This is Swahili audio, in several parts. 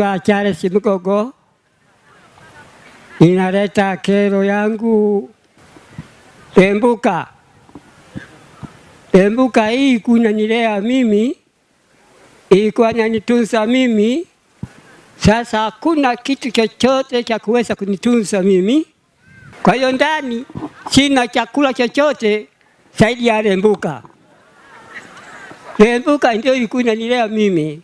Naitwa Charles Mgogo, ninaleta kero yangu Tembuka. Tembuka hii kunanilea mimi, ilikuwa nanitunza mimi, sasa hakuna kitu chochote cha kuweza kunitunza mimi. Kwa hiyo ndani sina chakula chochote zaidi ya Rembuka. lembuka ndio ilikuwa inanilea mimi.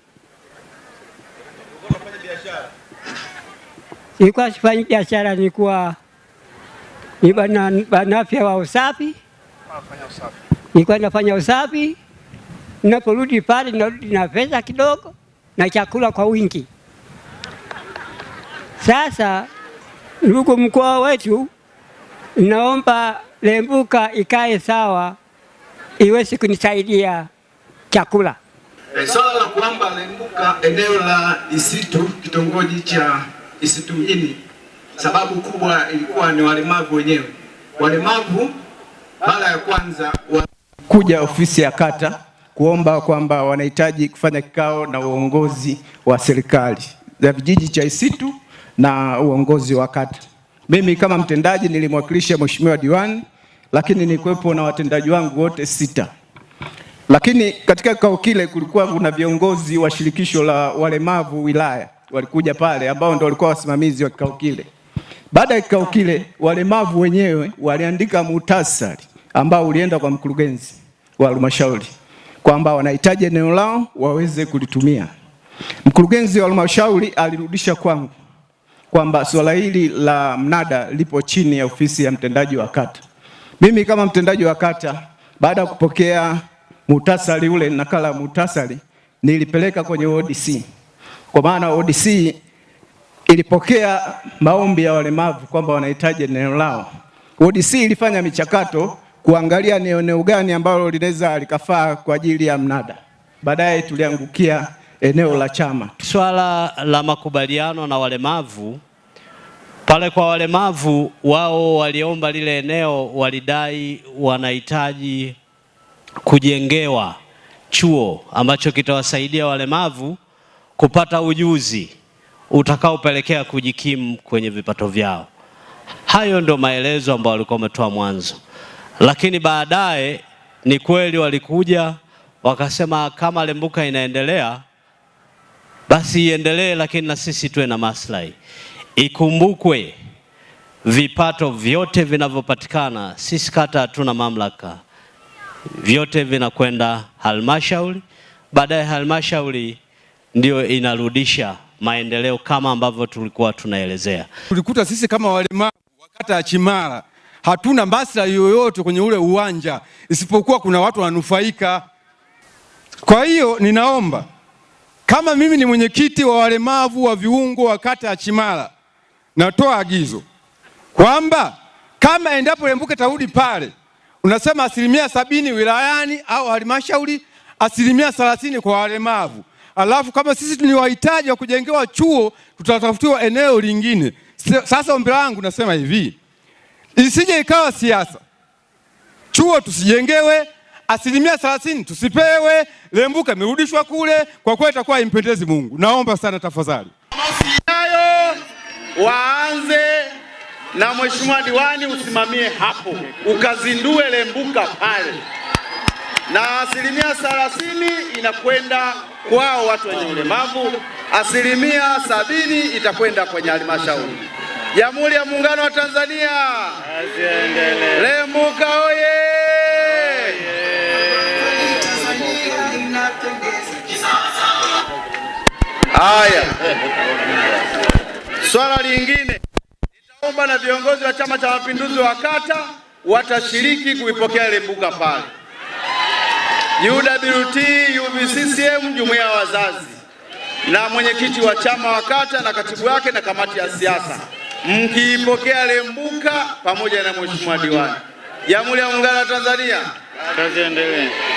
nilikuwa sifanyi biashara, nilikuwa ni banafya wa usafi, nilikuwa nafanya usafi. Ninaporudi pale, narudi na pesa kidogo na chakula kwa wingi. Sasa ndugu, mkoa wetu naomba Lembuka ikae sawa, iweze kunisaidia chakula swala la kwamba Lembuka eneo la Isitu kitongoji cha Isitumini. Sababu kubwa ilikuwa ni walemavu wenyewe. Walemavu mara ya kwanza wa... kuja ofisi ya kata kuomba kwamba wanahitaji kufanya kikao na uongozi wa serikali ya vijiji cha Isitu na uongozi wa kata. Mimi kama mtendaji nilimwakilisha mheshimiwa diwani, lakini nilikuwepo na watendaji wangu wote sita. Lakini katika kikao kile kulikuwa kuna viongozi wa shirikisho la walemavu wilaya walikuja pale ambao ndio walikuwa wasimamizi wa kikao kile. Baada ya kikao kile, walemavu wenyewe waliandika muhtasari ambao ulienda kwa mkurugenzi wa halmashauri kwamba wanahitaji eneo lao waweze kulitumia. Mkurugenzi wa halmashauri alirudisha kwangu kwamba swala hili la mnada lipo chini ya ofisi ya mtendaji wa kata. Mimi kama mtendaji wa kata, baada ya kupokea muhtasari ule, nakala ya muhtasari nilipeleka kwenye ODC. Kwa maana ODC ilipokea maombi ya walemavu kwamba wanahitaji eneo lao. ODC ilifanya michakato kuangalia ni eneo gani ambalo linaweza likafaa kwa ajili ya mnada. Baadaye tuliangukia eneo la chama. Swala la makubaliano na walemavu pale kwa walemavu wao waliomba lile eneo, walidai wanahitaji kujengewa chuo ambacho kitawasaidia walemavu kupata ujuzi utakaopelekea kujikimu kwenye vipato vyao. Hayo ndio maelezo ambayo walikuwa wametoa mwanzo, lakini baadaye ni kweli walikuja wakasema kama Lembuka inaendelea basi iendelee, lakini na sisi tuwe na maslahi. Ikumbukwe vipato vyote vinavyopatikana, sisi kata hatuna mamlaka, vyote vinakwenda halmashauri, baadaye halmashauri ndio inarudisha maendeleo kama ambavyo tulikuwa tunaelezea. Tulikuta sisi kama walemavu wakata ya Chimala hatuna basi yoyote kwenye ule uwanja isipokuwa kuna watu wananufaika. Kwa hiyo ninaomba kama mimi ni mwenyekiti wa walemavu wa viungo wa kata ya Chimala, natoa agizo kwamba kama endapo Lembuke tarudi pale, unasema asilimia sabini wilayani au halmashauri, asilimia thelathini kwa walemavu alafu kama sisi ni wahitaji wa kujengewa chuo tutatafutiwa eneo lingine. Sasa ombi langu nasema hivi, isije ikawa siasa, chuo tusijengewe, asilimia thelathini tusipewe, Lembuka imerudishwa kule. Kwa kweli itakuwa impendezi Mungu. Naomba sana tafadhali, masiayo waanze na mheshimiwa diwani, usimamie hapo ukazindue Lembuka pale, na asilimia thelathini inakwenda kwao watu wenye ulemavu, asilimia sabini itakwenda kwenye halmashauri. Jamhuri ya Muungano wa Tanzania, Lemuka oye! Haya, swala lingine nitaomba na viongozi wa Chama cha Mapinduzi wa kata watashiriki kuipokea Lemuka pale. UWT UVCCM jumuiya ya wazazi na mwenyekiti wa chama wa kata na katibu yake na kamati ya siasa, mkiipokea lembuka pamoja na mheshimiwa diwani. Jamhuri ya Muungano wa Tanzania, kazi endelee.